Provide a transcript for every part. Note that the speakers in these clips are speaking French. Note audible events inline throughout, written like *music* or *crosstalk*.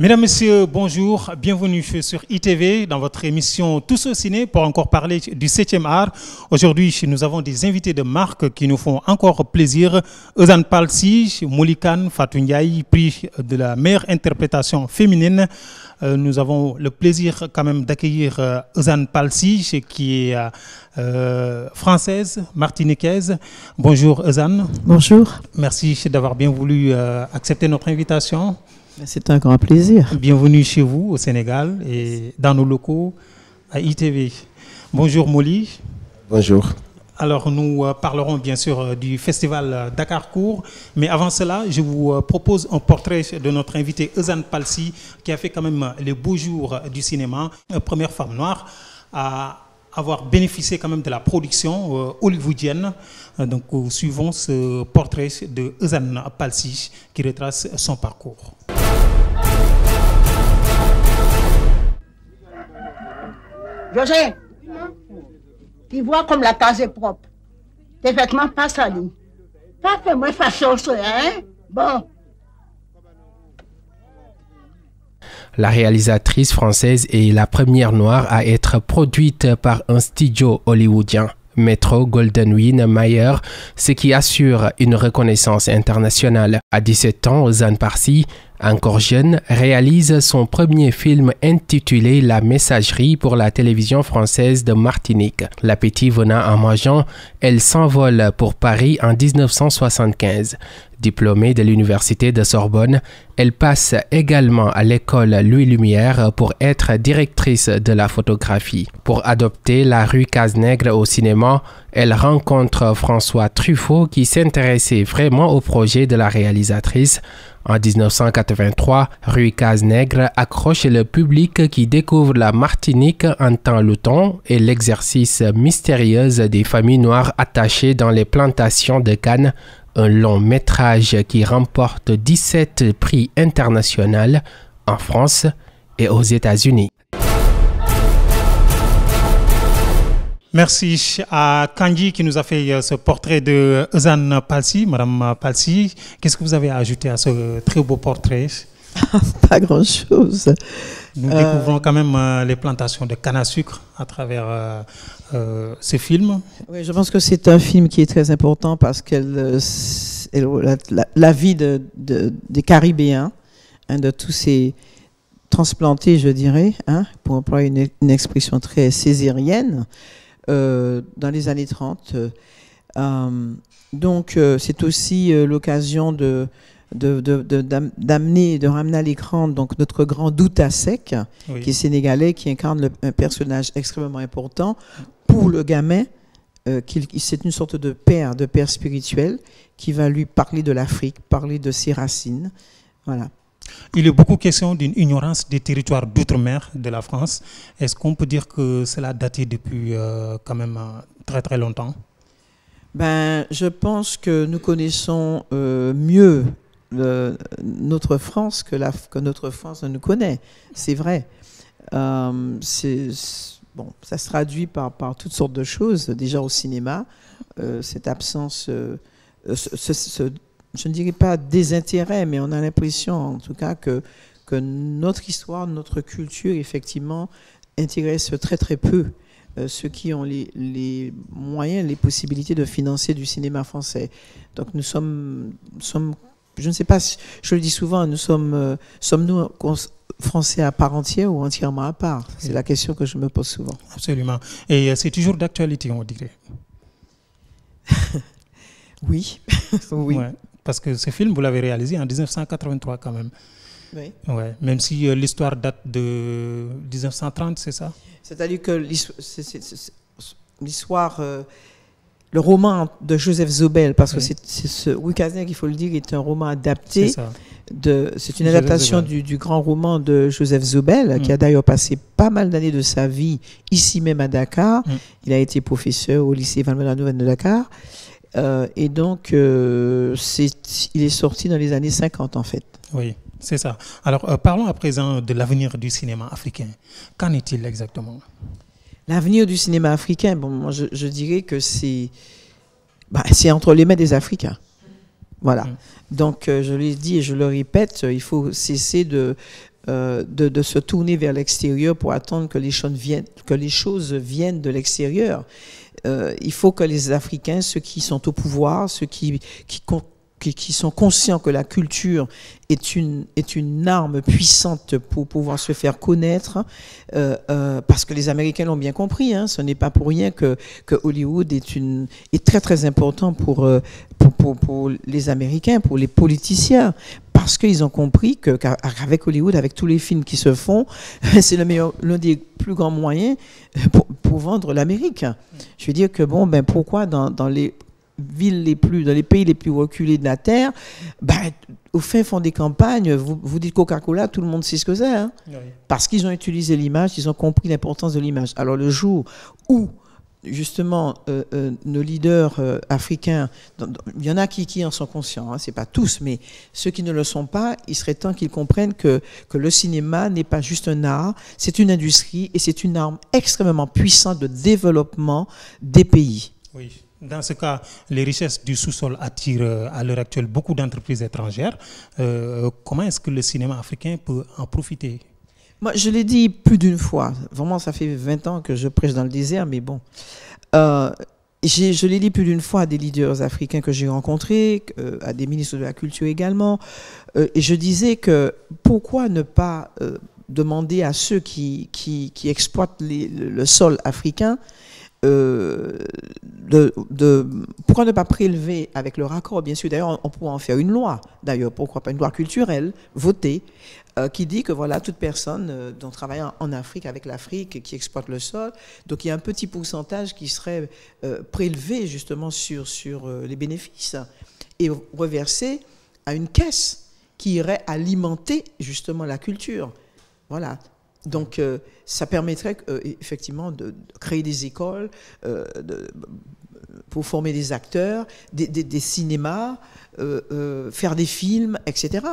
Mesdames, Messieurs, bonjour, bienvenue sur ITV dans votre émission Tous au ciné pour encore parler du 7e art. Aujourd'hui, nous avons des invités de marque qui nous font encore plaisir. Eusanne Palsi, Moulikan Fatou prix de la meilleure interprétation féminine. Euh, nous avons le plaisir quand même d'accueillir Eusanne Palsi qui est euh, euh, française, martiniquaise. Bonjour Eusanne. Bonjour. Merci d'avoir bien voulu accepter notre invitation. C'est un grand plaisir. Bienvenue chez vous au Sénégal et dans nos locaux à ITV. Bonjour Molly. Bonjour. Alors nous euh, parlerons bien sûr euh, du festival euh, Dakar Court, mais avant cela, je vous propose un portrait de notre invité Ezan Palsi, qui a fait quand même les beaux jours du cinéma, première femme noire à avoir bénéficié quand même de la production hollywoodienne. Donc suivons ce portrait de Ezan Palsi qui retrace son parcours. José, tu vois comme la case est propre. Tes vêtements pas salis. Pas fait moi, façon, hein? Bon. La réalisatrice française est la première noire à être produite par un studio hollywoodien. Metro Golden Mayer, ce qui assure une reconnaissance internationale. À 17 ans, Ozane Parsi encore jeune, réalise son premier film intitulé La messagerie pour la télévision française de Martinique. L'appétit venant en mangeant, elle s'envole pour Paris en 1975. Diplômée de l'Université de Sorbonne, elle passe également à l'école Louis Lumière pour être directrice de la photographie. Pour adopter la rue Cazenègre au cinéma, elle rencontre François Truffaut qui s'intéressait vraiment au projet de la réalisatrice. En 1983, Rue Cazenègre accroche le public qui découvre la Martinique en temps louton et l'exercice mystérieuse des familles noires attachées dans les plantations de Cannes un long métrage qui remporte 17 prix internationaux en France et aux États-Unis. Merci à Kanji qui nous a fait euh, ce portrait de Zan Palsi. Madame Palsi, qu'est-ce que vous avez ajouté à ce euh, très beau portrait *laughs* Pas grand-chose. Nous euh, découvrons quand même euh, les plantations de canne à sucre à travers euh, ces films. Oui, je pense que c'est un film qui est très important parce que la, vie de, des Caribéens, hein, de tous ces transplantés, je dirais, hein, pour employer une, une, expression très césarienne, dans les années 30. donc, c'est aussi l'occasion de de, d'amener, de, ramener à l'écran donc notre grand Douta à sec, qui est sénégalais, qui incarne un personnage extrêmement important pour le gamin. Euh, c'est une sorte de père, de père spirituel, qui va lui parler de l'Afrique, parler de ses racines. Voilà. Il est beaucoup question d'une ignorance des territoires d'outre-mer de la France. Est-ce qu'on peut dire que cela a daté depuis euh, quand même euh, très très longtemps ben, Je pense que nous connaissons mieux euh, notre France que, la, que notre France ne nous connaît. C'est vrai. Euh, c'est, bon, ça se traduit par, par toutes sortes de choses. Déjà au cinéma, euh, cette absence, ce, je ne dirais pas désintérêt, mais on a l'impression en tout cas que, que notre histoire, notre culture, effectivement, intéresse très très peu ceux qui ont les, moyens, les possibilités de financer du cinéma français. Donc nous sommes, sommes je ne sais pas, si, je le dis souvent, nous sommes, euh, nous français à part entière ou entièrement à part C'est la question que je me pose souvent. Absolument. Et euh, c'est toujours d'actualité, on dirait. *laughs* oui. *laughs* oui. parce que ce film, vous l'avez réalisé en 1983 quand même. Oui. Ouais, même si euh, l'histoire date de 1930, c'est ça C'est-à-dire que l'histoire le roman de Joseph Zobel, parce que c'est ce Louis il faut le dire, est un roman adapté. C'est une adaptation du, grand roman de Joseph Zobel, qui a mm. d'ailleurs passé pas mal d'années de sa vie ici même à Dakar. Mm. Il a été professeur au lycée la Nouvelle de Dakar. Euh, et donc, euh, il est sorti dans les années 50, en fait. Oui, c'est ça. Alors, euh, parlons à présent de l'avenir du cinéma africain. Qu'en est-il exactement L'avenir du cinéma africain, bon, je, dirais que c'est bah, entre les mains des Africains. Voilà. Mm. Donc, euh, je l'ai dit et je le répète, euh, il faut cesser euh, de, de, se tourner vers l'extérieur pour attendre que les choses viennent, que les choses viennent de l'extérieur. il faut que les Africains, ceux qui sont au pouvoir, ceux qui, qui, qui, sont conscients que la culture est une, est une arme puissante pour pouvoir se faire connaître, euh, euh, parce que les Américains l'ont bien compris. Hein, ce n'est pas pour rien que, que Hollywood est, une, est très très important pour, euh, pour, pour, les Américains, pour les politiciens, parce qu'ils ont compris qu'avec Hollywood, avec tous les films qui se font, *laughs* c'est l'un des plus grands moyens pour, pour vendre l'Amérique. Je veux dire que, bon, ben pourquoi dans, dans les villes les plus, dans les pays les plus reculés de la Terre, ben, au fin fond des campagnes, vous, vous dites Coca-Cola, tout le monde sait ce que c'est. Hein. Parce qu'ils ont utilisé l'image, ils ont compris l'importance de l'image. Alors le jour où justement euh, euh, nos leaders euh, africains, il y en a qui, qui en sont conscients, hein, c'est pas tous, mais ceux qui ne le sont pas, il serait temps qu'ils comprennent que, que le cinéma n'est pas juste un art, c'est une industrie et c'est une arme extrêmement puissante de développement des pays. Oui. Dans ce cas, les richesses du sous-sol attirent euh, à l'heure actuelle beaucoup d'entreprises étrangères. Euh, comment est-ce que le cinéma africain peut en profiter Moi, je l'ai dit plus d'une fois. Vraiment, ça fait 20 ans que je prêche dans le désert, mais bon. Euh, je l'ai dit plus d'une fois à des leaders africains que j'ai rencontrés, à des ministres de la Culture également. et je disais que pourquoi ne pas demander à ceux qui, qui, exploitent le, sol africain euh, pourquoi ne pas prélever avec le raccord, bien sûr, d'ailleurs, on, pourrait en faire une loi, d'ailleurs, pourquoi pas une loi culturelle, votée, euh, qui dit que voilà, toute personne euh, dont travaille en, en Afrique avec l'Afrique, qui exploite le sol, donc il y a un petit pourcentage qui serait prélevé justement sur, sur les bénéfices et reversé à une caisse qui irait alimenter justement la culture. Voilà, donc, euh, ça permettrait euh, e, effectivement de, créer des écoles euh, pour former des acteurs, des, cinémas, faire des films, etc.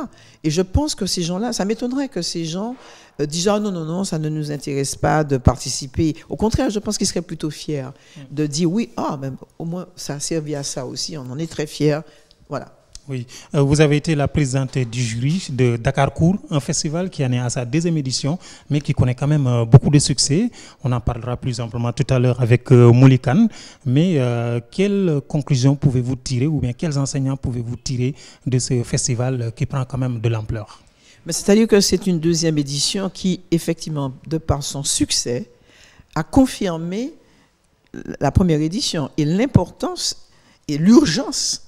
Et je pense que ces gens-là, ça m'étonnerait que ces gens disent ah non non non, ça ne nous intéresse pas de participer. Au contraire, je pense qu'ils seraient plutôt fiers mm. de dire oui, ah, au moins ça a servi à ça aussi. On en est très fiers. Voilà. Oui, euh, vous avez été la présidente du jury de Dakar Cour, un festival qui en est à sa deuxième édition, mais qui connaît quand même euh, beaucoup de succès. On en parlera plus amplement tout à l'heure avec euh, Moulikane. Mais quelles conclusions pouvez-vous tirer, ou bien quels enseignants pouvez-vous tirer de ce festival qui prend quand même de l'ampleur C'est-à-dire que c'est une deuxième édition qui, effectivement, de par son succès, a confirmé la première édition et l'importance et l'urgence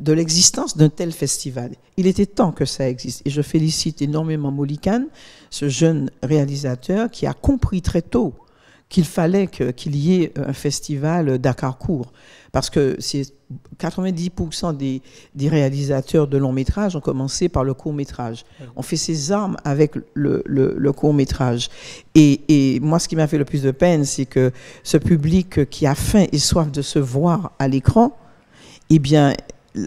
de l'existence d'un tel festival. Il était temps que ça existe. Et je félicite énormément Kahn, ce jeune réalisateur qui a compris très tôt qu'il fallait qu'il y ait un festival Court. Parce que c'est 90% des, réalisateurs de long métrage ont commencé par le court métrage. On fait ses armes avec le, court métrage. et, moi, ce qui m'a fait le plus de peine, c'est que ce public qui a faim et soif de se voir à l'écran, eh bien,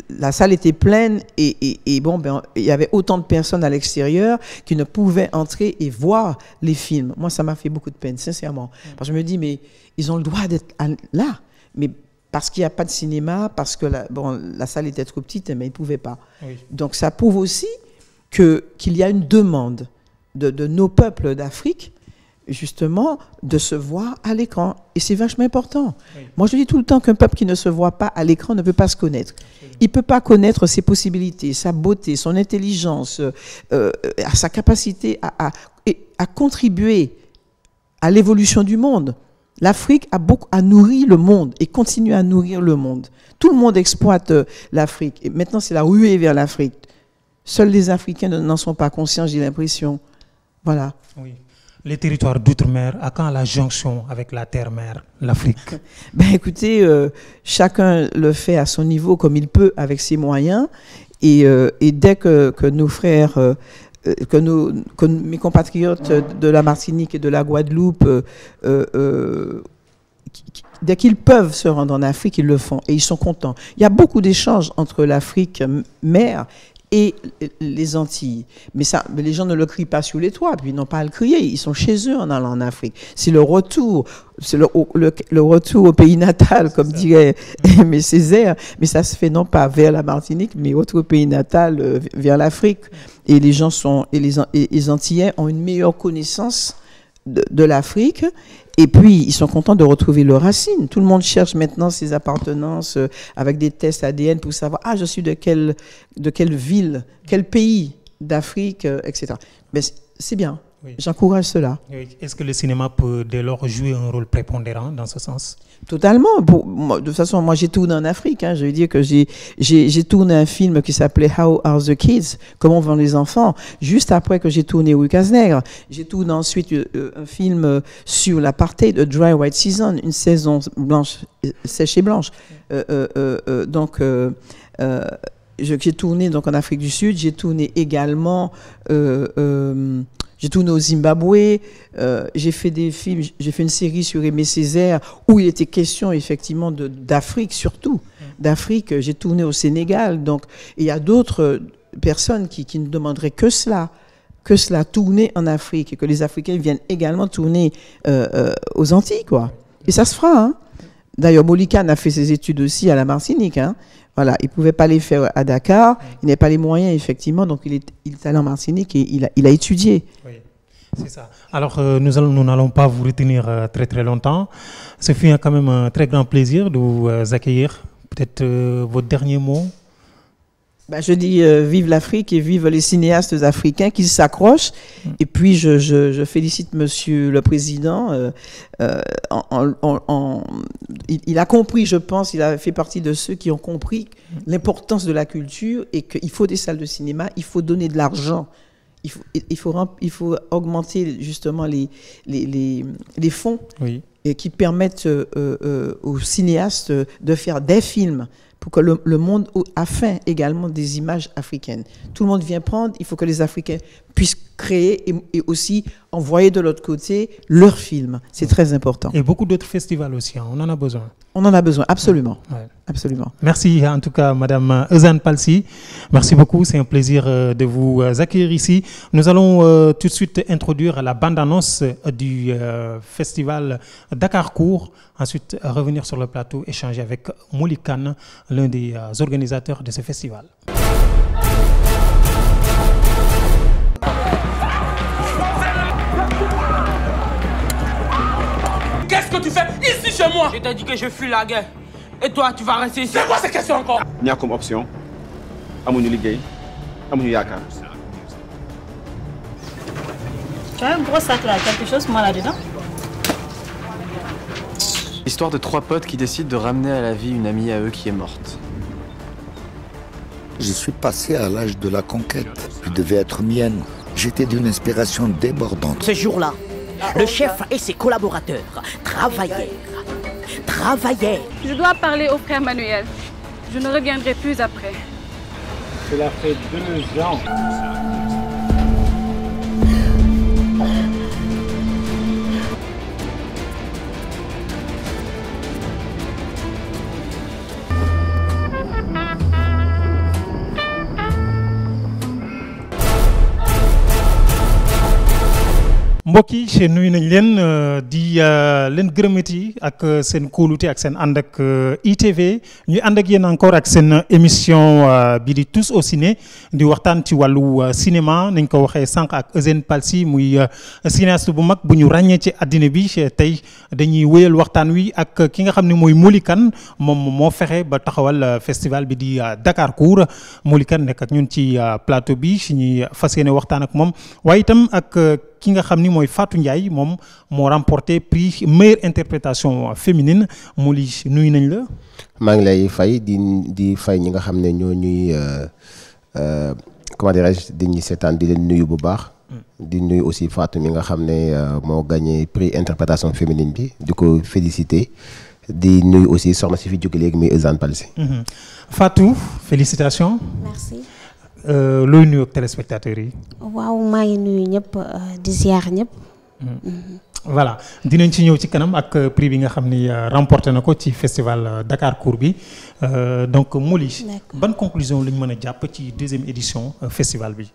la salle était pleine et, bon, ben, il y avait autant de personnes à l'extérieur qui ne pouvaient entrer et voir les films. Moi, ça m'a fait beaucoup de peine, sincèrement. Mm. Parce que je me dis, mais ils ont le droit d'être là. Mais parce qu'il n'y a pas de cinéma, parce que la, bon, la salle était trop petite, mais ils ne pouvaient pas. Donc ça prouve aussi qu'il y a une demande de nos peuples d'Afrique justement de se voir à l'écran. Et c'est vachement important. Moi, je dis tout le temps qu'un peuple qui ne se voit pas à l'écran ne peut pas se connaître. Il ne peut pas connaître ses possibilités, sa beauté, son intelligence, euh, euh, sa capacité à, contribuer à l'évolution du monde. L'Afrique a, a nourri le monde et continue à nourrir le monde. Tout le monde exploite euh, l'Afrique. Et maintenant, c'est la ruée vers l'Afrique. Seuls les Africains n'en sont pas conscients, j'ai l'impression. Voilà. Oui les territoires d'outre-mer À quand la jonction avec la terre-mer, l'Afrique ben Écoutez, euh, chacun le fait à son niveau comme il peut avec ses moyens. Et, euh, dès que, que, nos frères, euh, que, nos, mes compatriotes de la Martinique et de la Guadeloupe, dès qu'ils peuvent se rendre en Afrique, ils le font et ils sont contents. Il y a beaucoup d'échanges entre l'Afrique mère et les Antilles. Mais ça, mais les gens ne le crient pas sur les toits, puis ils n'ont pas à le crier. Ils sont chez eux en allant en Afrique. C'est le retour, c'est le, retour au pays natal, comme dirait *laughs* Aimé Césaire. Mais ça se fait non pas vers la Martinique, mais autre pays natal, euh, vers l'Afrique. Et les gens sont, et les, Antillais ont une meilleure connaissance de l'Afrique et puis, ils sont contents de retrouver leurs racines. Tout le monde cherche maintenant ses appartenances euh, avec des tests ADN pour savoir, ah, je suis de quelle, de quelle ville, quel pays d'Afrique, euh, etc. Mais c'est bien. J'encourage cela. Est-ce que le cinéma peut dès lors jouer un rôle prépondérant dans ce sens Totalement. de toute façon, moi, j'ai tourné en Afrique. Hein. Je veux dire que j'ai tourné un film qui s'appelait How Are the Kids Comment vont les enfants Juste après que j'ai tourné Negre ». J'ai tourné ensuite euh, un film euh, sur l'apartheid, de Dry White Season, une saison blanche, euh, sèche et blanche. donc j'ai tourné donc en Afrique du Sud, j'ai tourné également j'ai tourné au Zimbabwe, euh, j'ai fait des films, j'ai fait une série sur Aimé Césaire où il était question effectivement d'Afrique surtout, mm. d'Afrique. Euh, j'ai tourné au Sénégal, donc il y a d'autres euh, personnes qui, ne demanderaient que cela que cela tourner en Afrique et que les Africains viennent également tourner aux Antilles, quoi. Et ça se fera. Hein. D'ailleurs, Molika a fait ses études aussi à la Martinique. Hein. Voilà, il ne pouvait pas les faire à Dakar, mm. il n'avait pas les moyens, effectivement, donc il est, il est allé et il a, étudié. Oui. C'est ça. Alors, euh, nous n'allons pas vous retenir euh, très très longtemps. Ce fut quand même un très grand plaisir de vous euh, accueillir. Peut-être votre dernier mot ben, je dis euh, vive l'Afrique et vive les cinéastes africains qui s'accrochent. Mm. Et puis je, félicite Monsieur le Président. Euh, euh, en, il, a compris, je pense, il a fait partie de ceux qui ont compris mm. l'importance de la culture et qu'il faut des salles de cinéma, il faut donner de l'argent. Il faut, il, il faut augmenter justement les, les, fonds et qui permettent aux cinéastes de faire des films pour que le, le, monde a faim également des images africaines. Tout le monde vient prendre, il faut que les Africains puissent créer et, aussi envoyer de l'autre côté leurs films. C'est très important. Et beaucoup d'autres festivals aussi, hein. on en a besoin. On en a besoin, absolument. absolument. Merci en tout cas, Madame Eusanne Palsi. Merci beaucoup, c'est un plaisir euh, de vous euh, accueillir ici. Nous allons euh, tout de suite introduire la bande-annonce du festival Dakar Court. Ensuite, revenir sur le plateau, échanger avec Moulikan, l'un des organisateurs de ce festival. tu fais ici chez moi Je t'ai dit que je fuis la guerre. Et toi, tu vas rester ici. C'est quoi cette questions encore Il n'y a comme option. Amouni Ligay. Amouni Tu as un gros sac quelque chose moi là-dedans Histoire de trois potes qui décident de ramener à la vie une amie à eux qui est morte. Je suis passé à l'âge de la conquête. Tu devais être mienne. J'étais d'une inspiration débordante. Ce jour-là, ah, Le oh, chef et ses collaborateurs travaillaient, travaillaient. Je dois parler au frère Manuel. Je ne reviendrai plus après. Cela fait deux ans. mbokk yi nuyu nañ leen euh, di euh, len gërëmati ak euh, sen kóolute ak sen ànd ak ITV ñuy ànd ak yéen encore ak sen émission bi di tous au ciné di waxtaan ci walu cinéma nañ ko waxee sànq ak Eugène Palsi muy cinéaste bu mag bu ñu ragné ci adina bi tay dañuy wëyel waxtaan wi ak ki nga xamni moy mooy mom mo fexé ba taxawal festival bi di Dakar Cour Kane nek ak ñun ci plateau bi ñuy fas yéene waxtaan ak mom waye tam ak ki nga xam ni Fatou Ndiaye remporté prix meilleure interprétation féminine Moly nuyu nañ la. maa lay fay di di fay nga ñoo ñuy euh, euh, comment dirais mm. aussi Fatou mi nga euh, gagné prix interprétation féminine bi di ko félicité. di nuyu aussi soxna fi mm-hmm. Fatou félicitations. merci. Euh, looy nuyu ak téléspectateurs yi. waaw maa ngi nuyu ñëpp euh, di ziar ñëpp. Mm. Mhm. voilà dinañ ci ñëw ci kanam ak euh, prix bi nga xam ni remporté na ko ci festival Dakar cour bi donc Moly. ban conclusion lañ mën a jàpp ci deuxième édition festival bi.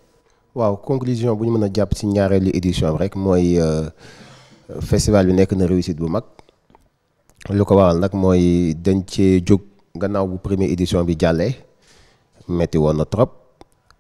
waaw conclusion bu ñu mën a jàpp ci ñaareelu édition rek mooy festival bi nekk na réussite bu mag lu ko waral nag mooy dañ cee jóg gannaaw bu première édition bi jàllee metti woon na trop.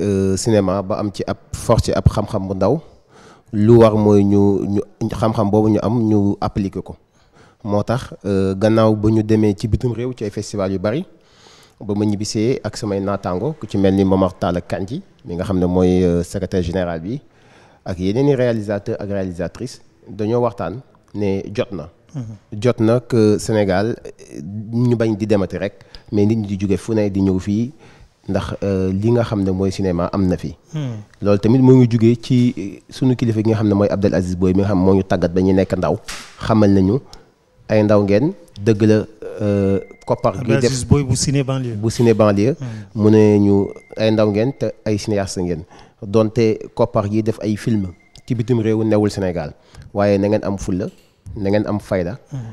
Euh, cinéma ba am ci ab force ab xam-xam bu ndaw lu war moy ñu xam-xam bobu ñu am ñu appliquer ko motax tax euh, gannaaw ba ñu démé ci bitum réew ci ay festival yu bari ba ma ñibbisee ak samay natango ku ci melni ni Momar Talla Kandji mi nga xam moy euh, secrétaire général bi ak yeneeni réalisateur ak réalisatrice dañoo waxtaan ne jotna mhm. jotna que Sénégal ñu bañ di demati rek mais nit ñi di jóge fune di ñëw fii ndax euh, li nga xam ne mooy cinéma am na fi. Hmm. loolu tamit moo ngi jugee ci sunu kilifa gi nga xam ne mooy Abdel Aziz Boy mi nga xam moo ñu tàggat ba ñu nekk ndaw xamal nañu ay ndaw ngeen dëgg la euh, koppar gi def Aziz bu ciné banlieue hmm. mu ne ñu ay ndaw ngeen ay cinéaste ngeen donte koppar gi def ay film ci bitim réew newul Sénégal waaye na ngeen am fulla na ngeen am fayda hmm.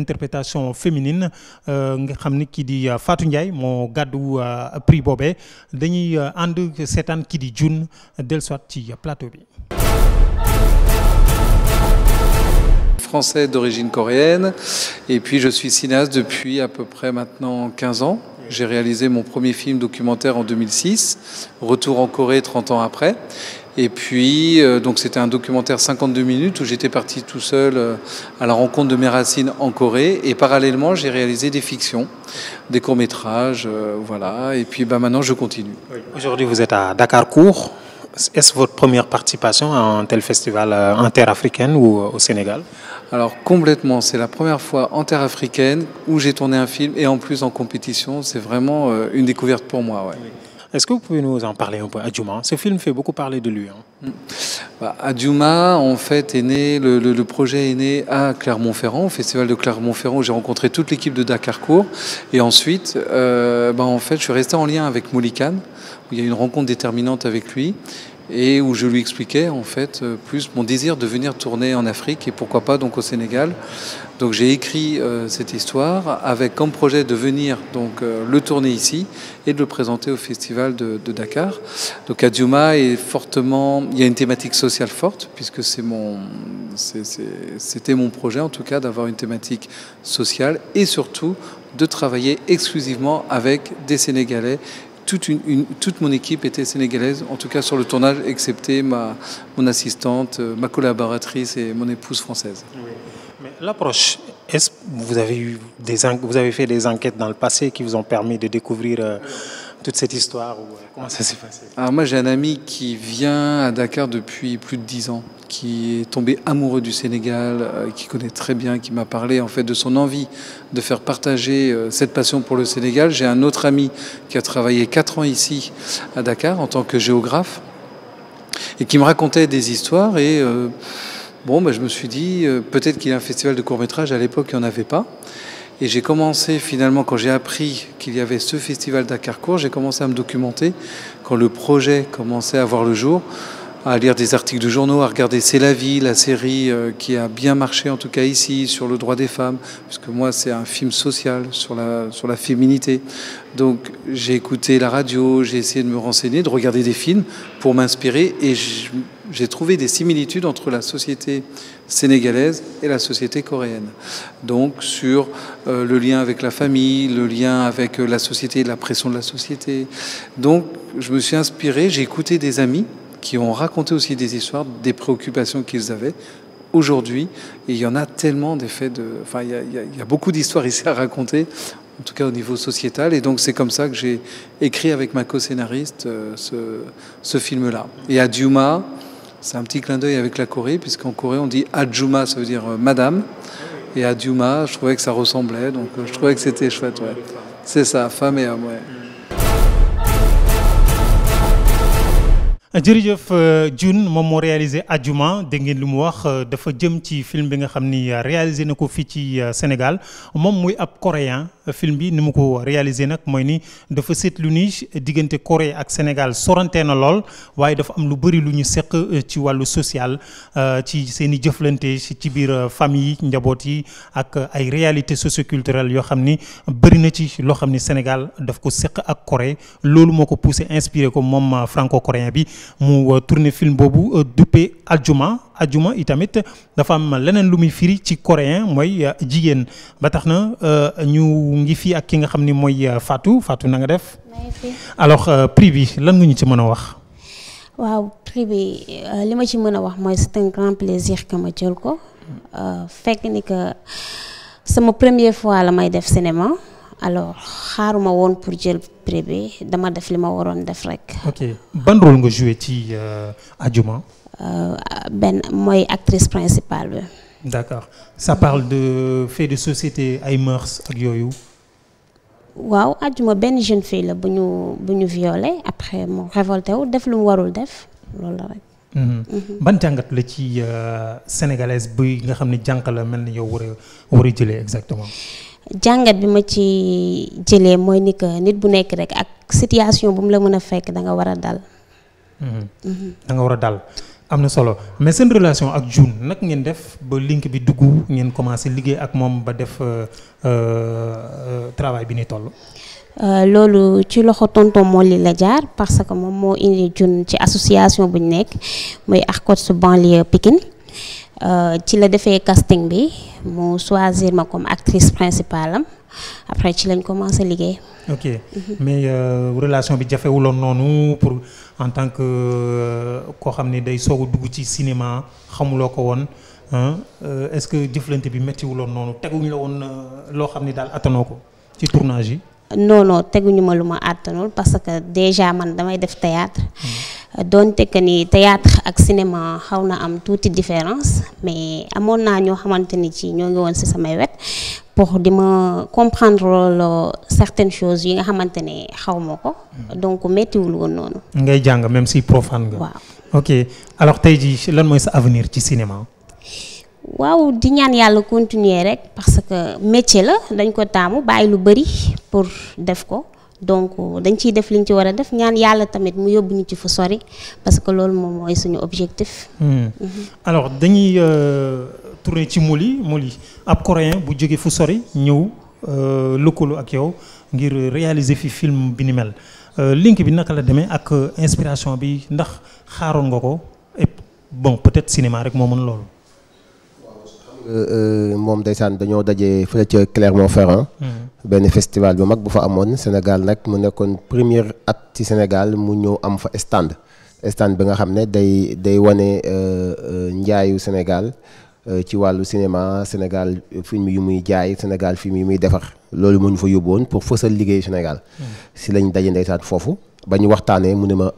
interprétation féminine euh, nga xamni ki di euh, Fatou Ndiaye mo gadou euh, prix qui dañuy June ci plateau Français d'origine coréenne et puis je suis cinéaste depuis à peu près maintenant 15 ans. J'ai réalisé mon premier film documentaire en 2006, Retour en Corée 30 ans après. Et puis, euh, donc c'était un documentaire 52 minutes où j'étais parti tout seul euh, à la rencontre de mes racines en Corée. Et parallèlement, j'ai réalisé des fictions, des courts-métrages, euh, voilà. Et puis, bah maintenant, je continue. Aujourd'hui, vous êtes à Dakar Court. Est-ce votre première participation à un tel festival en terre africaine ou au Sénégal Alors complètement, c'est la première fois en terre africaine où j'ai tourné un film et en plus en compétition. C'est vraiment une découverte pour moi. Oui. Est-ce que vous pouvez nous en parler un peu, Adjuma Ce film fait beaucoup parler de lui. Hein. Bah, en fait, est né, le, projet est né à Clermont-Ferrand, au Festival de Clermont-Ferrand, où j'ai rencontré toute l'équipe de Dakar Court. Et ensuite, euh, bah, en fait, je suis resté en lien avec Moulikan, où il y a eu une rencontre déterminante avec lui et où je lui expliquais en fait euh, plus mon désir de venir tourner en Afrique et pourquoi pas donc au Sénégal. Donc j'ai écrit euh, cette histoire avec comme projet de venir donc euh, le tourner ici et de le présenter au festival de, Dakar. Donc Adjuma est fortement, il y a une thématique sociale forte puisque c'était mon projet en tout cas d'avoir une thématique sociale et surtout de travailler exclusivement avec des Sénégalais toute, mon équipe était sénégalaise, en tout cas sur le tournage, excepté ma, mon assistante, euh, ma collaboratrice et mon épouse française. L'approche, est-ce vous avez eu des vous avez fait des enquêtes dans le passé qui vous ont permis de découvrir euh, toute cette histoire ou, euh, Comment ça s'est passé Alors moi j'ai un ami qui vient à Dakar depuis plus de dix ans, qui est tombé amoureux du Sénégal, euh, qui connaît très bien, qui m'a parlé en fait de son envie de faire partager euh, cette passion pour le Sénégal. J'ai un autre ami qui a travaillé quatre ans ici à Dakar en tant que géographe et qui me racontait des histoires et bon bah, je me suis dit peut-être qu'il y a un festival de court métrage à l'époque il n'y en avait pas. Et j'ai commencé finalement, quand j'ai appris qu'il y avait ce festival dakar j'ai commencé à me documenter quand le projet commençait à voir le jour, à lire des articles de journaux, à regarder C'est la vie, la série euh, qui a bien marché en tout cas ici, sur le droit des femmes, puisque moi c'est un film social sur la, sur la féminité. Donc j'ai écouté la radio, j'ai essayé de me renseigner, de regarder des films pour m'inspirer et je j'ai trouvé des similitudes entre la société sénégalaise et la société coréenne. Donc sur euh, le lien avec la famille, le lien avec euh, la société, la pression de la société. Donc je me suis inspiré, j'ai écouté des amis qui ont raconté aussi des histoires, des préoccupations qu'ils avaient aujourd'hui. Et il y en a tellement des faits de... Enfin, il y a, beaucoup d'histoires ici à raconter en tout cas au niveau sociétal. Et donc c'est comme ça que j'ai écrit avec ma co-scénariste euh, ce, ce film-là. Et à Duma, c'est un petit clin d'œil avec la Corée, puisqu'en Corée, on dit Adjuma, ça veut dire euh, madame. Et Adjuma, je trouvais que ça ressemblait, donc euh, je trouvais que c'était chouette. Ouais. C'est ça, femme et homme, ouais. jërëjëf Dioune euh, moom moo réalisé Adjuma dégg ngeen li mu wax dafa jëm ci film bi nga xam réalisé na ko fii ci Sénégal moom muy ab coréen film bi ni mu ko réalisé nak moy ni dafa seetlu ni Corée ak Sénégal soranté na lol waye dafa am lu bëri lu ñu euh, ci social euh, ci seen i ci biir euh, famille njaboot yi ak ay réalité socioculturelle yo xamni ni na ci lo xamni Sénégal daf ko seq ak Corée loolu moko pousser inspiré ko mom franco-coréen bi mu tourner film bobu dupé Aljuma ajuma itamit dafa am leneen lu muy firi ci coréen mooy euh, jigéen ba tax na euh, ñu ngi fii ak ki nga xam ni mooy euh, Fatou Fatou na nga def. alors prix bi lan nga ñu ci mën a wax. waaw prix li ma ci mën a wax mooy c'est un grand plaisir que ma jël ko. fekk ni que sama première fois la may def cinéma. alors xaaruma woon pour jël prix dama def li ma waroon def rek. ok ban rôle nga joué ci Adjuma. Euh, ben moi actrice principale d'accord ça parle de fait de société ay mœurs ak yooyu. waaw àjjuma ben jeune fille la buñu buñu violé après mu révolté wu def lu warul def loolu la rek. Mhm. Mhm. ban jangat la ci euh, sénégalaise bu nga xamni ne jànq la mel yow war a war exactement. jangat bi ma ci jëlee moy ni que nit bu nek rek ak situation bu mu la mën fekk da nga war a hmm da nga wara dal. Amna solo mais relation ak June, vous ngeen def ba link bi commencé ak mom ba euh, euh, travail bi ni euh, tonton parce que mom mo indi association bu nek banlieue Pikine ci la un casting bi suis choisir ma comme actrice principale après ci lañ commencé liggéey. ok mhm. mais euh, relation bi jafewuloon nonou pour en tant que euh, ko xam day sogu dugg ci cinéma xamuloko won hein? Euh, est-ce que jëflante bi méttiwuloon nonou teguñ la won lo xam dal atanoko ci tournage yi non non teguñu luma lu parce que déjà man damay def théâtre donté que ni théâtre ak cinéma xawna am toute différence mais amon na ño xamanteni ci ño ngi won ci sama wet pour dima comprendre lo certaines choses yi nga xamanteni xawmoko donc metti wul donc non. ngay jang même si profane nga. waaw ok alors tay jii lan moy sa avenir ci cinéma waaw di ñaan yàlla continuer rek parce que métier la dañ ko taamu bàyyi lu bëri pour def ko donc dañ ciy def liñ ci war a def ñaan yàlla tamit mu yóbbu ñu ci fu sori parce que loolu moom mooy suñu objectif. Hmm. Mhm. alors dañuy euh, tourner ci Moli, Moly ab coréen bu jóge fu sori ñëw euh, lëkkaloo ak yow ngir réaliser fi film bi ni mel euh, link bi naka la demee ak inspiration bi ndax xaaroon nga et bon peut-être cinéma rek moo mën loolu. Euh, euh, moom ndeysaan dañoo daje fële ca Clermont-Ferrand. Mm-hmm. benn festival bu mag bu fa amoon Sénégal nag mu nekkoon première at ci Sénégal mu ñëw am fa stand. stand bi nga xam ne day day wane euh, njaayu Sénégal ci wàllu cinéma Sénégal film yu muy jaay Sénégal film yu muy defar loolu moo ñu fa yóbboon pour fësal liggéeyu Sénégal. Mm-hmm. si lañ daje ndeysaan foofu ba ñu waxtaanee mu ne ma.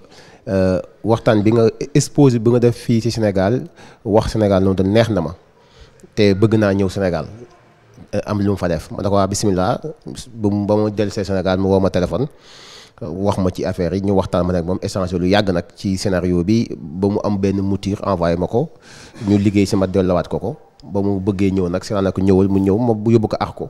waxtaan bi nga exposé bi nga def fii ci Sénégal wax Sénégal noonu te neex na ma té bëgg na ñëw Sénégal eh, am lu mu fa def ma ko wa ah, bismillah bu ba mu del Sénégal mu woma téléphone wax ma ci affaire yi ñu waxtaan ma nag mom échange lu yag nak ci scénario bi ba mu am ben moutir envoyé mako ñu liggéey si ma delluwaat koko ba mu bëggé ñëw nak si nak ñëwul mu ñëw ma yobbu ko ax ko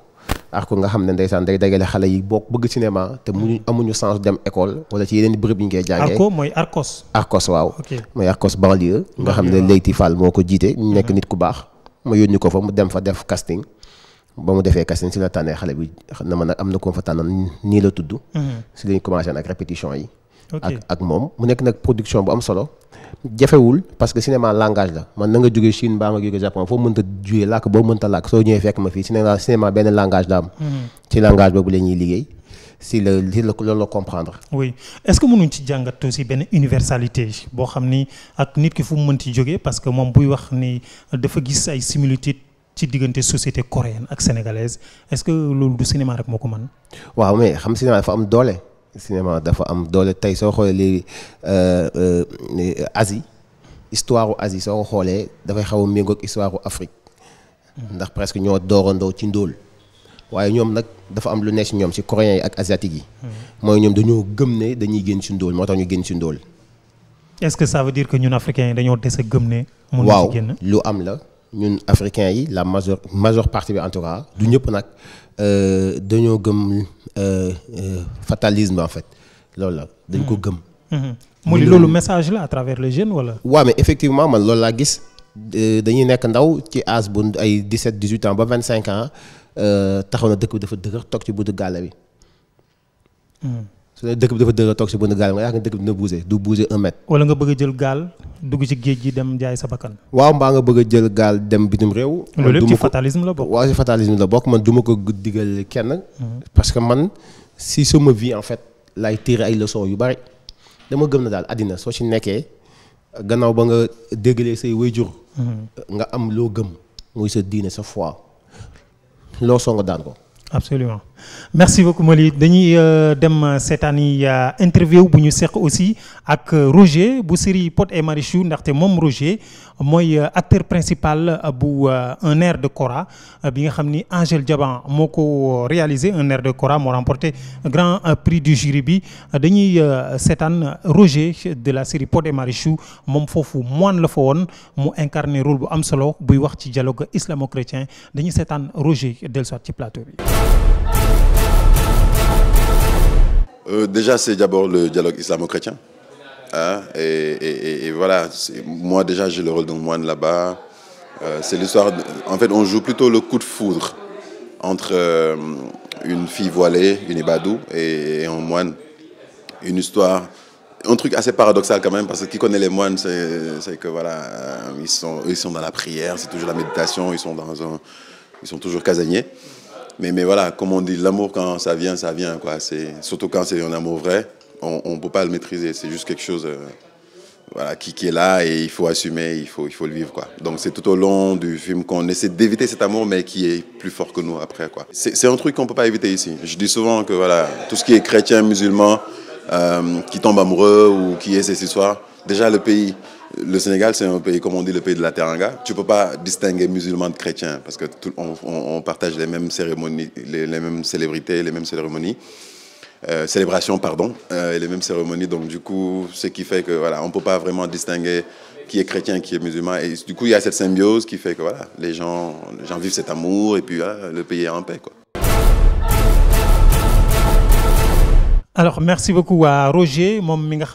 ax ko nga xamné ndaysan day dagalé xalé yi bok bëgg cinéma te muñu mm. amuñu sens dem école wala ci yeneen bërëb yi ñu jàngé jàngee arco mooy arcos arcos waaw moy arcos banlieue nga xamné Leyti Fall moko jité mm-hmm. nek nit ku bax ma yónni ko fa mu dem fa def casting ba mu defé casting si la tànnee xale bi na ma nag am ko fa tànnoon ni la tuddu mhm. si lañ commencé nak répétition yi. ak ak mom mu nek nak production bu am solo. jafewul parce que cinéma langage la man na nga jóge Chine ba nga jóge Japon foo mënta juyee làkk boo mënta lak so ñëwee fekk ma fi cinéma cinéma ben langage la am. Mhm. ci langage boobu la ñuy liggéey si le si la comprendre. oui est-ce que mënuñ ci jàngat aussi benn universalité boo xam ni ak nit ki fu mu ci jógee parce que moom buy wax ni dafa gis ay similitudes ci diggante société coréenne ak sénégalaise est-ce que loolu du cinéma rek moo ko waaw mais xam cinéma dafa am doole. cinéma dafa am doole tey soo xoolee léegi euh, euh, Asie histoire u Asie soo ko xoolee dafay xaw a histoire u Afrique. Mm-hmm. ndax presque ñoo doorandoo ci ndóol waye ñom nak dafa am lu neex ñom ci coréens yi ak asiatiques yi. moy hmm. ñom dañu gëm né dañuy gën ci ndóol motax ñu gën ci ndóol. est-ce que ça veut dire que ñun africains yi dañoo des gëm né mun na ci génn waaw lu am la ñun africains yi la major major partie bi en tout cas du ñëpp nak euh dañoo gëm euh, euh fatalisme en fait loolu la dañ ko hmm. gëm. Hmm. mu li loolu message la à travers le jeune wala. wa mais effectivement man loolu la gis euh, dañuy nekk ndaw ci âge bu ay 17 18 ans ba 25 ans. Euh, taxaw na dëkk bi dafa dëgër toog ci buntu gàlle bi. Hmm. su dee dëkk bi dafa dëgër toog ci buntu gàlle nga yaakaar ne dëkk bi dina bouger du bouger un mètre. wala nga bëgg a jël gaal dugg ci géej gi dem jaay sa bakkan. waaw mbaa nga bëgg a jël gaal dem bitim réew. loolu yëpp ci fatalisme la bokk waaw ci fatalisme la bokk man du ma ko diggal kenn. Hmm. parce que man si sama vie en fait laay tirer ay leçon yu bari dama gëm na daal adina soo ci nekkee gannaaw ba nga déggalee say wayjur hmm. nga am loo gëm muy sa diine sa foi. loo song daan ko. absolument merci beaucoup Mali dañuy euh, dem cette euh, année euh, interview bu ñu seq aussi ak Roger bu série Pod et Marichou ndaxte mom Roger moy acteur principal bu un air de Cora bi nga xamni Angel Angèle Diaban réalisé un air de Cora mo remporté grand prix du jury bi dañuy année Roger de la série Pod et Marichou mom fofu moine la fawone mu incarné rôle bu am solo bu wax ci dialogue islamo-chrétien dañuy année Roger dellusiwaat ci plateau bi. Euh, déjà, c'est d'abord le dialogue islamo-chrétien. Hein, et, voilà, moi déjà, j'ai le rôle d'un moine là-bas. Euh, c'est l'histoire. En fait, on joue plutôt le coup de foudre entre euh, une fille voilée, une Ibadou, et, un moine. Une histoire. Un truc assez paradoxal quand même, parce que qui connaît les moines, c'est que voilà, ils sont, ils sont dans la prière, c'est toujours la méditation, ils sont dans un, ils sont toujours casaniers mais, mais voilà, comme on dit, l'amour, quand ça vient, ça vient. Quoi. Surtout quand c'est un amour vrai, on ne peut pas le maîtriser. C'est juste quelque chose euh, voilà, qui, est là et il faut assumer, il faut, il faut le vivre. Quoi. Donc c'est tout au long du film qu'on essaie d'éviter cet amour, mais qui est plus fort que nous après. C'est un truc qu'on ne peut pas éviter ici. Je dis souvent que voilà, tout ce qui est chrétien, musulman, euh, qui tombe amoureux ou qui est ces histoires, déjà le pays le Sénégal, c'est un pays, comme on dit, le pays de la teranga. Tu ne peux pas distinguer musulman de chrétien parce que on, partage les mêmes cérémonies, les, mêmes célébrités, les mêmes cérémonies, euh, célébrations, pardon, euh, et les mêmes cérémonies. Donc, du coup, ce qui fait que voilà, on ne peut pas vraiment distinguer qui est chrétien, qui est musulman. Et du coup, il y a cette symbiose qui fait que voilà, les gens, gens vivent cet amour et puis le pays est en paix, quoi. alors merci beaucoup à Roger Mon mi nga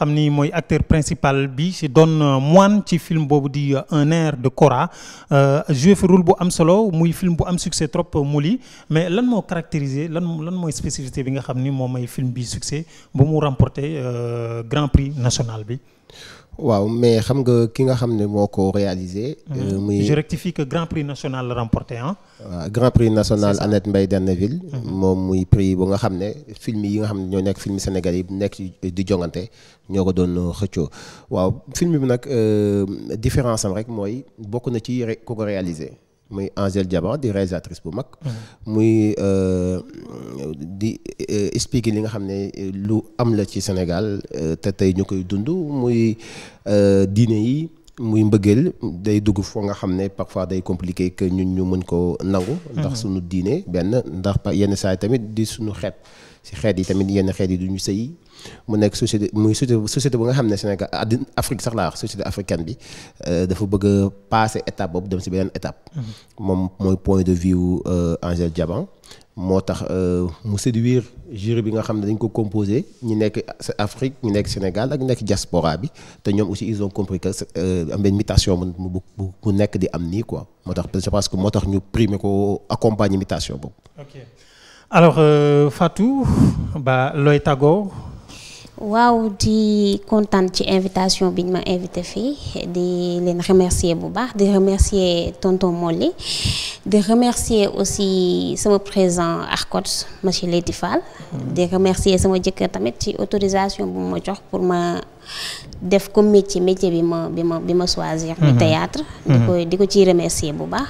acteur principal Je donne euh, moine ci film qui di euh, un air de Cora euh, Je fi rôle bu am solo un film bu am succès trop Mouli mais l'un de caractérisé lan lan spécificité bi nga xam film succès pour mu remporté grand prix national bi waaw mais xam nga ki nga xamné moko réaliser ko réalisé. Mhm. Euh, je rectifie que grand prix national la remporté ah. grand prix national Annette Mbaye Derneville. mom mhm. muy prix bo nga xamné ne film yi nga xamné ñoo film sénégalais nek euh, di jonganté ñoko don euh, xëccio waaw film bi euh, différence am rek moy bokku na ci ko ko réaliser muy Angel Diaba di réalisatrice bu mag. Mm-hmm. muy euh, di euh, expliquer li nga xam ne euh, lu am la ci Sénégal te tey ñu koy dund muy diine yi. muy mbëggeel day dugg foo nga xam ne parfois day compliqué que ñun ñu mën ko nangu. Mm-hmm. ndax suñu diine benn ndax yenn saa tamit di suñu xeet si xeet yi tamit yenn xeet yi duñu sëy mu nekk société muy société bu nga xam ne Sénégal àddina Afrique sax la société africaine bi euh dafa bëgg passer étape bob dem ci benen étape. mom mhm. moy point de vue euh angel Diaban motax euh mu séduire jury bi nga xam dañ ko composer ñi nek Afrique ñi nek Sénégal ak ñi nekk diaspora bi te ñom aussi ils ont compris que euh am benn mutation bu bu nek di am ni quoi motax je pense que motax ñu primé ko accompagner mutation boobu. ok alors euh, Fatou ba looy tàggoo waaw di contente ci invitation l'invitation que ma invité di remercier bu de remercier tonton Molly de remercier aussi sama président ARCOT monsieur Ledifal, de di remercier sama que tamit ci autorisation bu ma jox pour ma def comme métier métier bi ma bima mhm. théâtre diko mhm. koy di ko remercier bu baax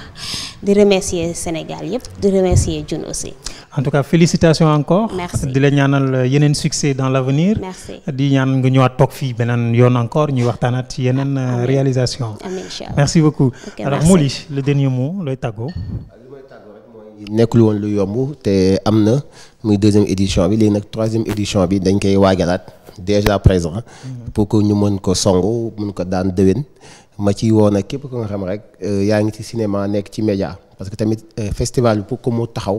di remercier Sénégal yépp di remercier Jun aussi en tout cas félicitations encore. merci ñaanal euh, yenen succès dans l'avenir. merci di ñaan nga encore ñu euh, réalisation. merci beaucoup. alors le dernier mot lu deuxième édition troisième édition bi dañ déjà présent mhm. pour que ñu ko songu ko euh, cinéma nekk ci média parce que tamit euh, festival mis pour festival pour taxaw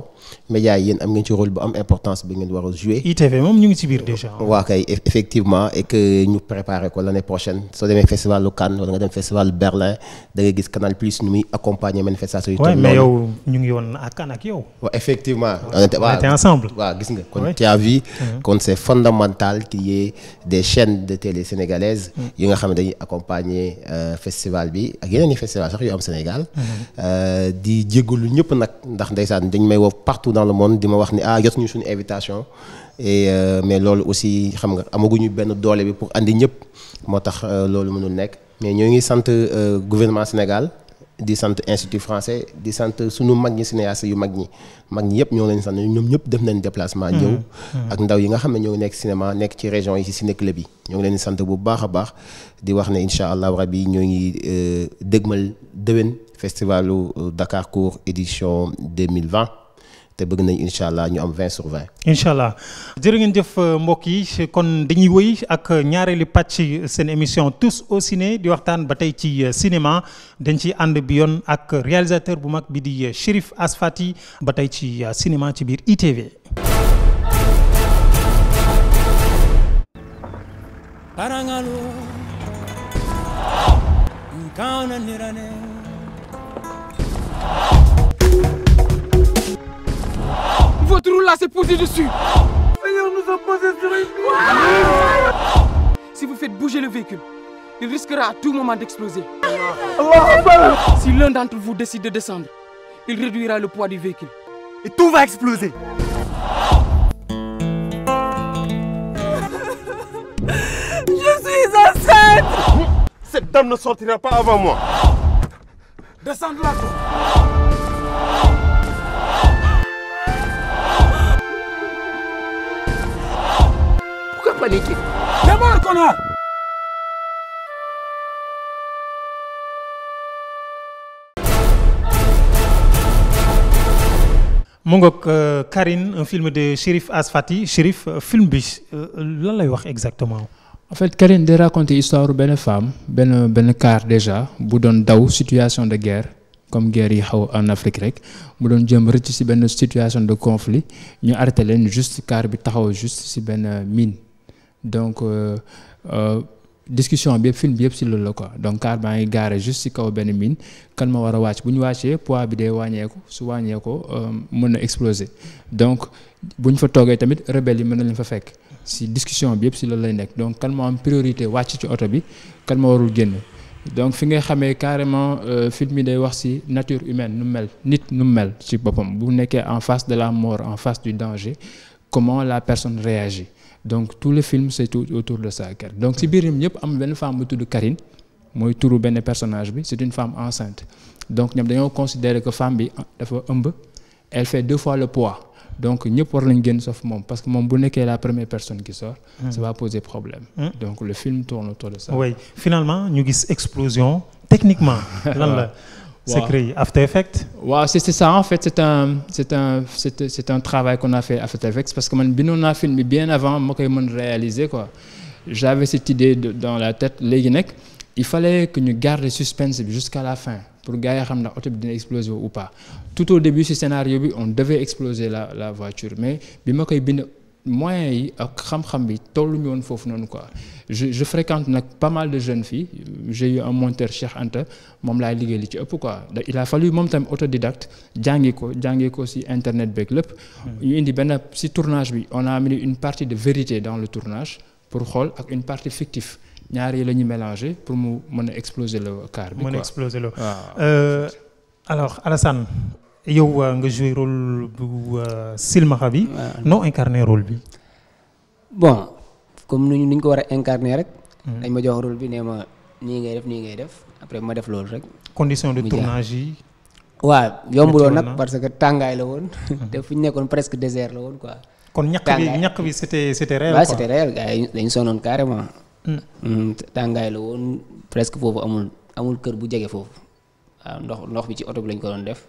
mais yi y am ngeen ci rôle bu am importance bi ngeen war jouer. ITV même ñu ngi ci biir déjà. Oui, effectivement et que nous préparer ko l'année prochaine soo un festival local Cannes festival Berlin da canaux Canal Plus nous accompagner manifestation yi. mais yow ñu ngi nous à Cannes ak effectivement. on était on était ensemble. tu as vu. kon mhm. c'est fondamental qu'il y ait des chaînes de télé sénégalaises. Mhm. yi nga xam accompagner euh, festival bi ak yeneen un festival sax yu am Sénégal. Mhm. Euh, jéggalu ñëpp nak ndax ndeysaan dañ may woo partout dans le monde di ma wax ni ah ñu suñu invitation et euh, mais loolu aussi xam nga amaguñu benn doole bi pour andi ñëpp moo tax euh, loolu mënul nekk mais ñoo ngi sant euh, gouvernement Sénégal des centres institut français des centres sunu nos cinéaste yu mag ñi mag nous ñoo leen ñoom déplacement. Mm-hmm. Mm-hmm. cinéma nekk région yi ciné club yi. ñoo ngi centres euh, bu euh, Dakar Court édition 2020 te bëgg nañ inshallah ñu am 20 sur 20. inshallah allah mbokk yi kon dañuy wëy ak pàcc seen émission tous au ciné di waxtaan ba ci cinéma dañ ci ànd bi ak réalisateur bu mag bi di Chérif Asfati ci cinéma ci ITV. Votre roue là s'est posée dessus. Seigneur nous a posé sur une Si vous faites bouger le véhicule, il risquera à tout moment d'exploser. Si l'un d'entre vous décide de descendre, il réduira le poids du véhicule. Et tout va exploser. Je suis enceinte Cette dame ne sortira pas avant moi. Descends là, mu euh, Karine un film de Shérif Asfati Chérif euh, film bi euh, lan lay wax exactement. en fait Karine raconte raconter histoire d'une femme ben, ben car déjà bu doon situation de guerre comme guerre en Afrique rek mu doon jëm une ci situation de conflit ñu arrêté juste car bi taxaw juste ci benn mine donc. Euh, euh, discussion bi film bi yëpp si loolu quoi donc car baa ngi gaare juste si kaw mine kan ma war a wàcc bu poids bi day euh, exploser donc fa tamit yi si discussion bi yëpp si loolu lay nekk donc kan ma am priorité wàcc ci oto bi kan ma warul donc fi carrément euh, film yi day nature humaine mel nit nu mel ci en face de la mort en face du danger comment la personne réagit donc tout le film c'est autour de ça donc si il y am une femme autour de Karine qui tout le personnage c'est une femme enceinte donc nous dañoo considérer que femme ah, elle fait deux fois le poids donc ñëpp war nañ génn sauf sort. parce que si bu est la première personne qui sort. Hum. ça va poser problème. Hum. donc le film tourne autour de ça. oui finalement nous une explosion techniquement *laughs* C'est After c'est ça en fait. C'est un, c'est un, c'est un, travail qu'on a fait After Effects parce que bin on a filmé bien avant moi, que je réalisé. Quoi. J'avais cette idée dans la tête, les il fallait que nous gardions le suspense jusqu'à la fin pour que les gens d'une explosion ou pas. Tout au début ce scénario, on devait exploser la, voiture, mais je moyens ak xam-xam bi tolluñu won fofu noonu quoi je je fréquente nak pas mal de jeunes filles j'ai eu un monteur Cheikh Anta mom lay liggéey li ci ëpp quoi il a fallu moom tamit autodidacte jàngi ko jàngi ko ci internet beeg lepp hmm. ñu indi ben si tournage bi on a mis une partie de vérité dans le tournage pour xol ak une partie fictive ñaar yi lañu mélanger pour mu mën exploser le car bi quoi mën exploser le. Euh, alors Alassane yow euh, nga jouer rôle bu euh, Silma Khabi noo incarner rôle bi. bon comme nous ñu ko wara incarner rek. Hmm. dañ ma jox rôle bi néma ni ngay def ni ngay def après ma def loolu rek. condition de tournage yi. waaw yombuloon nag parce que tangay la won def hmm. *laughs* fu ñu presque désert la won quoi. kon ñak bi ñak bi c'était c'était réel quoi c'était réel gars dañ dañu carrément. Hmm. tangay la won presque fofu amul amul kër bu jege fofu ndox ndox bi ci auto bi lañ ko doon def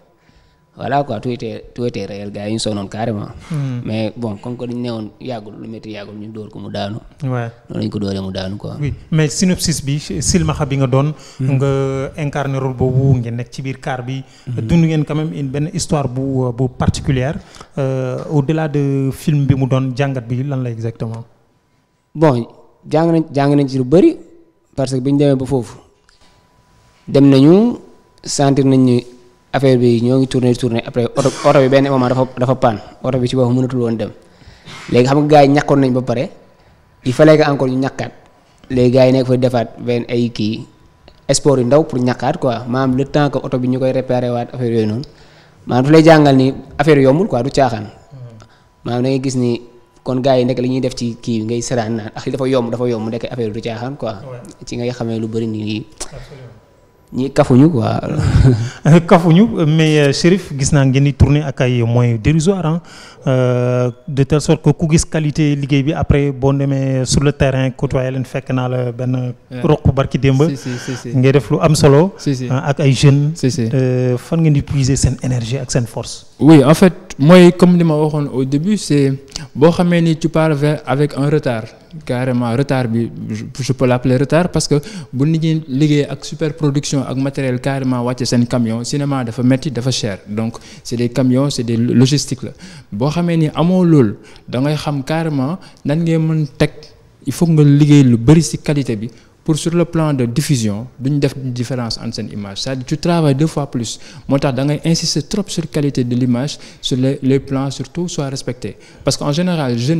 voilà quoi tout était tout était réel gars yi ñu sonoon carrément. Hmm. mais bon comme que dañu ne woon yàggul lu métti yàggul ñu dóor ko mu daanu. waaw noonu lañ ko dóoree mu daanu quoi. oui mais synopsis bi silmaxa bi nga doon. Hmm. nga incarné rôle boobu ngeen nekk ci biir car bi. Hmm. dund ngeen quand même une benn histoire bu bu particulière euh, au-delà de film bi mu doon jangat bi lan la exactement. bon jàng nañ jàng nañ ci lu bari parce que bi ñu ba fofu dem nañu sentir nañ ni. affaire bi ñoo ngi tourné tourné après oto oto bi benn moment dafa dafa paan oto bi ci boppam a woon dem léegi xam nga yi ñàkkoon nañ ba pare il fallait que encore ñu ñàkkaat léegi gars yi nekk fa defaat benn ay kii sport yu ndaw pour ñàkkaat quoi maam le temps que oto bi ñu koy réparé waat affaire yooyu noonu maanaam daf lay jàngal ni affaire yombul quoi du caaxaan maanaam da gis ni kon gars yi nekk li ñuy def ci kii bi ngay seraan naan ak ah, li dafa yomb dafa yomb nekk affaire du caaxaan quoi ci ngay xamee lu bëri nii. ñi kafuñu quoi. *laughs* kafuñu mais euh, Chérif gis na ngeen ni tourner ak ay moyens dérisoires hein. euh, de telle sorte que ku gis qualité liggéey bi après boo demee sur le terrain côtoyé leen fekk naa la benn. rokk barki si, si, si, si. ngey def lu am solo. Hein, ak ay jeunes. euh, fan ngeen di puiser seen énergie ak seen force. oui en fait mooy comme ni ma waxone au début c'est bo xamé ni tu pars avec un retard carrément retard je peux l'appeler retard parce que bu nit ñi avec super production ak matériel carrément c'est un camion cinéma dafa metti dafa cher donc c'est des camions c'est des logistiques la on xamé ni peu lool da ngay xam carrément nan ngay il faut nga le lu bari qualité pour sur le plan de diffusion duñ différence entre scène image ça tu travailles deux fois plus motax da ngay insister trop sur qualité de l'image sur les plans surtout soit respecté parce qu'en général je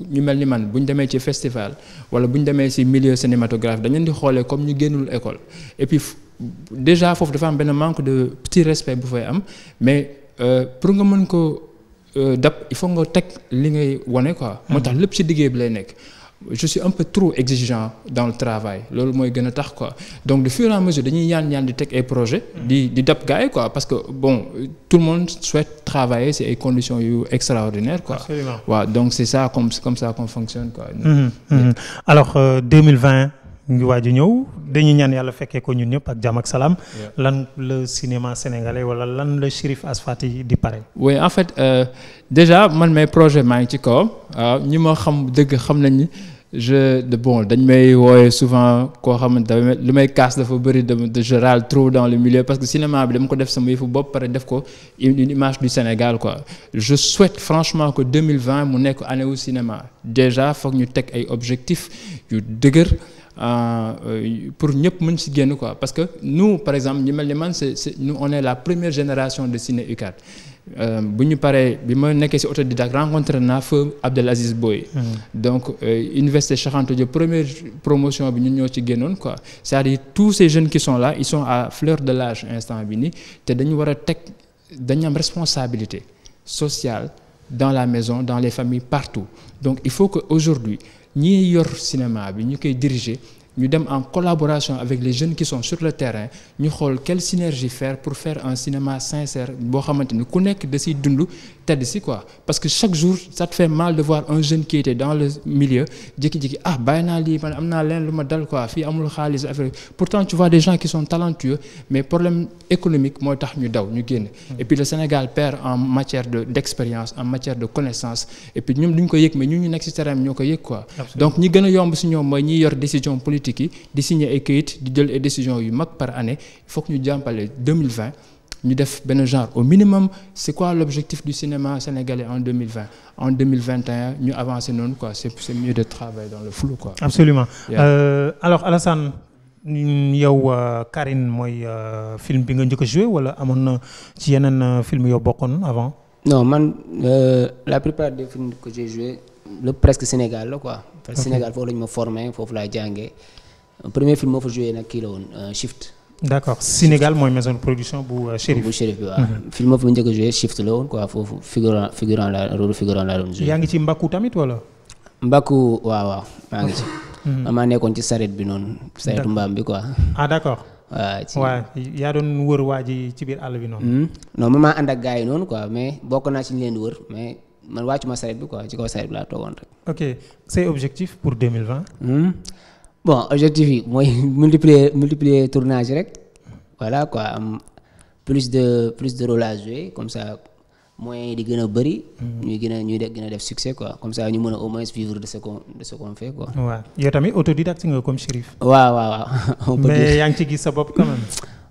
ñu mel ni man buñ ñu demee ci festival wala buñ ñu demee ci milieu cinématographe dañ leen di xoolee comme ñu génnul école et puis déjà foofu dafa am benn manque de petit respect bu fay am mais euh, pour nga mën ko euh, dab il faut nga teg li ngay wane quoi. moo tax mhm. lépp ci liggéey bi lay nekk je suis un peu trop exigeant dans le travail loolu moy gëna tax quoi donc de fur et à mesure dañuy ñaan ñaan di tek ay projet mm. di di dab quoi parce que bon tout le monde souhaite travailler c'est des conditions extraordinaires quoi. waaw donc c'est ça comme comme ça qu'on fonctionne quoi. Mm-hmm, mm-hmm. alors euh, 2020 ngi waaj ñew ñëw dañuy ñaan yalla fekkee ko ñun ñëpp ak jàmm ak salam lan le cinéma sénégalais wala lan le shérif Asfati di paré oui en fait euh, déjà man may projet ma ngi ci ko ah, ñi ma xam deug xam nañ ni je de bon dañ may woyé souvent ko xamante ne li may casse dafa bëri de je râle trop dans le milieu parce que cinéma bi dama ko def sama yëfu bop pare def ko une image du Sénégal quoi je souhaite franchement que 2020 mu nek année au cinéma déjà foog ñu tek ay objectifs yu euh, euh, pour ñep mën si quoi parce que nous par exemple ñu melni man c'est nous on est la première génération de ciné UCAD euh, buñu paré bima bi ci autodidacte rencontré Abdelaziz Boy hmm. donc euh, Université Charente, de première promotion bi nous ñoo ci quoi c'est-à-dire tous ces jeunes qui sont là ils sont à fleur de l'âge instant bi une té dañu wara dañu responsabilité sociale dans la maison dans les familles partout donc il faut que aujourd'hui ñi yor cinéma bi ñu koy diriger nous sommes en collaboration avec les jeunes qui sont sur le terrain. Nous avons quelle synergie faire pour faire un cinéma sincère. Nous avons de quoi parce que chaque jour ça te fait mal de voir un jeune qui était dans le milieu qui dit « ah ben ali man le quoi fi pourtant tu vois des gens qui sont talentueux mais problème économique c'est tax ñu daw ñu hmm. et puis le Sénégal perd en matière de d'expérience en matière de connaissances. et puis nous duñ ko yek mais nous, ñu nekk terrain quoi. donc ñi gëna yomb ci ñom des ñi yor décision politique yi di signer di par année il faut que ñu jampalé 2020 def au minimum c'est quoi l'objectif du cinéma sénégalais en 2020 en 2021 nous avancer non quoi c'est mieux de travailler dans le flou quoi. absolument euh, alors Alassane yow euh, Karine moy euh, film bi nga ñëk jouer joué wala amone ci yenen euh, film yo bokkon avant. non man la plupart des films que j'ai joué le presque Sénégal Sénégal, quoi. parce que okay. Sénégal forme, la me ma je foofu premier film que fa joué nak ki la Shift. D'accord. Sénégal mooy maison de production bu euh, Chérif. Pour Chérif bi waaw. Mhm. film boobu njëkk a joué shift la quoi foofu figurant figurant la rôle figurant la doon Y'a yaa ngi ci mbakku tamit wala. mbakku waaw waaw maa ngi ci. Mhm. Mhm. maa nekkoon ci saret bi noonu. saretu mbaam bi quoi. ah d'accord. accord. waaw ci waaw yaa doon wër waa ji ci biir àll bi noonu. Hmm? non man maa ànd ak gars quoi mais bokk naa ci ñu leen di wër mais man wàccu ma saret bi quoi ci kaw saret bi laa toogoon rek. ok c'est objectif pour 2020 bon objectif yi mooy *laughs* multiplier multiplier tournage rek voilà quoi am plus de plus de rôle à jouer comme ça moyens yi di gën a bëri. Mm-hmm. ñuy gën a ñuy gën a def succès quoi comme ça ñu mën a au moins vivre de ce qu'on de ce qu'on fait quoi. waaw yow tamit autodidacte nga comme shérif waaw waaw waaw. mais yaa ngi ci gis sa bopp quand même.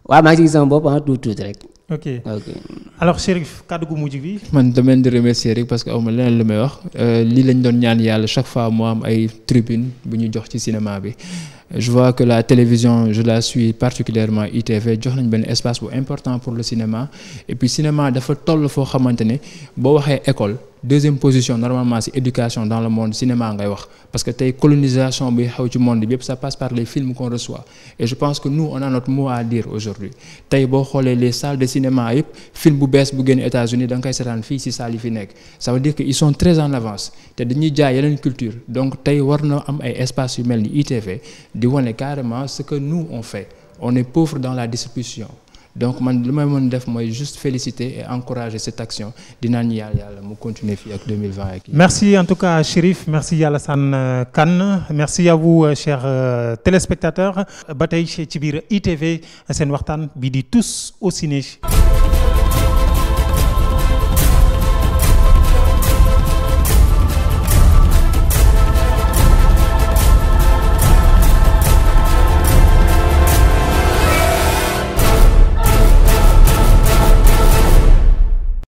waaw maa ngi ci gis sama bopp ah tout tout rek ok alors Sherif, que tu Je te demande remercier parce que je ma meilleur. chaque fois moi, am tribune pour jox cinéma je vois que la télévision je la suis particulièrement ITV jox un espace important pour le cinéma et puis cinéma dafa toll le xamante école deuxième position normalement c'est éducation dans le monde cinéma parce que la colonisation du monde ça passe par les films qu'on reçoit et je pense que nous on a notre mot à dire aujourd'hui Si les salles de cinéma les film bu sont bu États-Unis donc ils ça veut dire qu'ils sont très en avance Ils dañuy jaay culture donc il y a am espace humain, ITV Dit-on est carrément ce que nous on fait on est pauvre dans la distribution donc man li def juste féliciter et encourager cette action continuer 2020 merci en tout cas Chérif merci San euh, Khan. merci à vous euh, chers euh, téléspectateurs Bataille chez ci ITV à saint bi di tous au ciné